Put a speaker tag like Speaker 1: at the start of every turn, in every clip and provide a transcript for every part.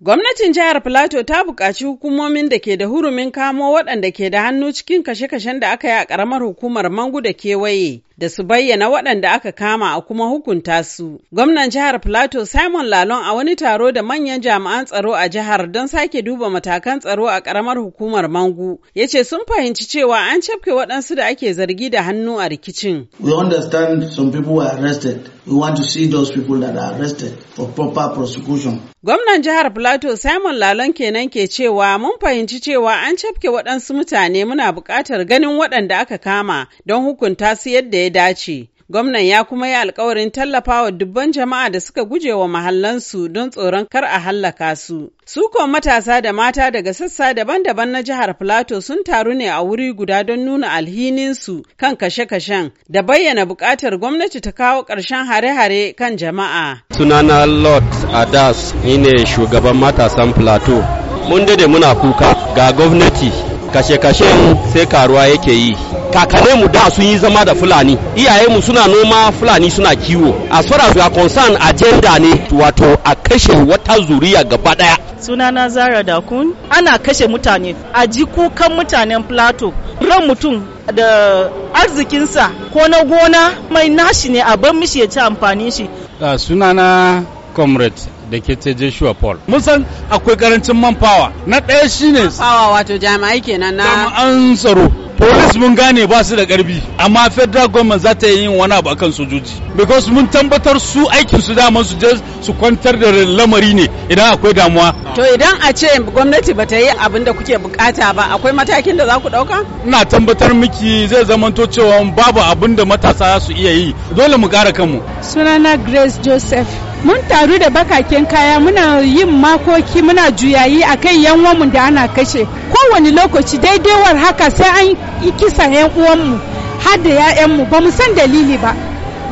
Speaker 1: Gwamnatin jihar Filato ta buƙaci hukumomin da ke da hurumin kamo waɗanda ke da hannu cikin kashe-kashen da aka yi a ƙaramar hukumar Mangu da kewaye da su bayyana waɗanda aka kama a kuma hukunta su. Gwamnan jihar Plateau Simon Lalon a wani taro da manyan jami'an tsaro a jihar don sake duba matakan tsaro a ƙaramar hukumar Mangu ya ce sun fahimci cewa an cafke waɗansu da ake zargi da hannu a rikicin.
Speaker 2: We understand some people were arrested. We want to see those people that are arrested for proper prosecution.
Speaker 1: Gwamnan jihar Plateau Simon Lalon kenan ke cewa mun fahimci cewa an cafke waɗansu mutane muna buƙatar ganin waɗanda aka kama don hukunta su yadda ya dace. Gwamnan ya kuma yi alkawarin wa dubban jama'a da suka guje wa mahallansu don tsoron kar a hallaka su. Suko matasa da mata daga sassa daban-daban na jihar Filato sun taru ne a wuri guda don nuna alhininsu kan kashe-kashen da bayyana buƙatar gwamnati ta kawo ƙarshen hare-hare kan jama'a.
Speaker 2: Sunana Lord Adas ni ne shugaban matasan Filato. Mun dade muna kuka ga gwamnati kashe-kashen sai karuwa yake yi. kakane mu da sun yi zama da fulani iyaye mu suna noma fulani suna kiwo as far as we are concerned agenda ne wato a kashe wata zuriya gaba daya sunana zara dakun ana kashe mutane a ji kukan mutanen plateau ran mutum da arzikinsa ko na gona mai nashi ne a bar mishi ya ci amfani shi ah, sunana comrade da ke ce Joshua Paul. Mun san akwai karancin manpower. Na ɗaya shine manpower wato jami'ai kenan na jami'an tsaro. Polis mun gane ba su da ƙarfi amma federal government za ta yin wani abu akan sojoji because mun tabbatar su aikin su dama su je su kwantar da lamari ne idan akwai damuwa.
Speaker 1: To idan a ce gwamnati ba ta yi abin da kuke bukata ba akwai matakin da za ku ɗauka?
Speaker 2: Ina tabbatar miki zai zamanto cewa babu abin da matasa su iya yi dole mu ƙara kanmu. Sunana Grace Joseph mun taru da bakaken kaya muna yin makoki muna juyayi a kan yanwanmu da ana kashe kowane lokaci daidai daidaiwar haka sai an yi kisa yan uwanmu har da ya'yanmu ba mu san dalili ba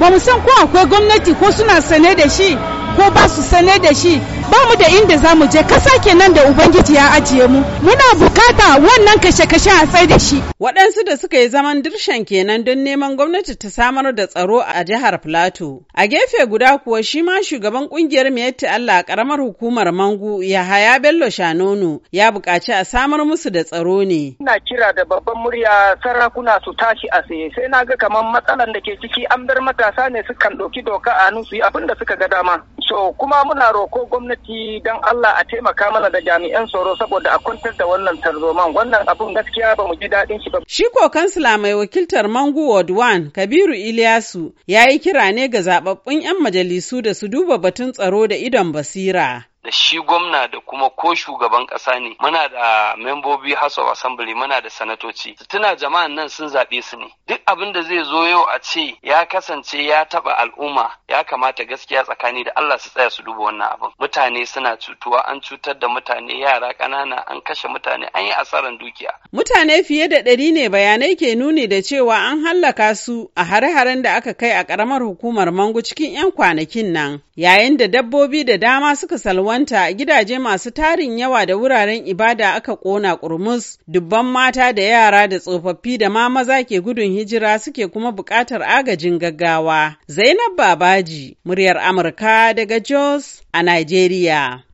Speaker 2: ba mu san ko akwai gwamnati ko suna sane da shi ko ba su sane da shi ba mu da inda za mu je kasa nan da ubangiji ya ajiye mu muna bukata wannan kashe-kashe a tsaye da shi
Speaker 1: waɗansu da suka yi zaman dirshan kenan don neman gwamnati ta samar da tsaro a jihar plateau a gefe guda kuwa shi ma shugaban kungiyar miyatti allah karamar hukumar mangu yahaya bello shanonu ya buƙaci a samar musu da tsaro ne
Speaker 2: ina kira da babban murya sarakuna su tashi a tsaye sai na ga kamar matsalar da ke ciki an bar matasa ne sukan ɗauki doka a hannu su yi abin da suka ga dama So kuma muna roko gwamnati don Allah a taimaka mana da jami'an tsaro saboda a kwantar da wannan tarzoman wannan abun gaskiya ba mu ji daɗin shi ba.
Speaker 1: Shi ko kansila mai wakiltar Mangu Ward 1 Kabiru Iliyasu ya yi kira ne ga zaɓaɓɓun 'yan majalisu da su duba batun tsaro da idon basira.
Speaker 2: da shi gwamna da kuma ko shugaban ƙasa ne muna da membobi House of Assembly muna da sanatoci tuna jama'an nan sun zaɓe su ne duk abin da zai zo yau a ce ya kasance ya taɓa al'umma ya kamata gaskiya tsakani da Allah su tsaya su duba wannan abin mutane suna cutuwa an cutar da mutane yara ƙanana an kashe mutane an yi asaran dukiya
Speaker 1: mutane fiye da ɗari ne bayanai ke nuni da cewa an hallaka su a hare-haren da aka kai a ƙaramar hukumar Mangu cikin 'yan kwanakin nan yayin da dabbobi da dama suka salwa A gidaje masu tarin yawa da wuraren ibada aka ƙona ƙurmus, dubban mata da yara da tsofaffi da ma maza ke gudun hijira suke kuma buƙatar agajin gaggawa. Zainab Babaji, muryar Amurka daga Jos a Najeriya.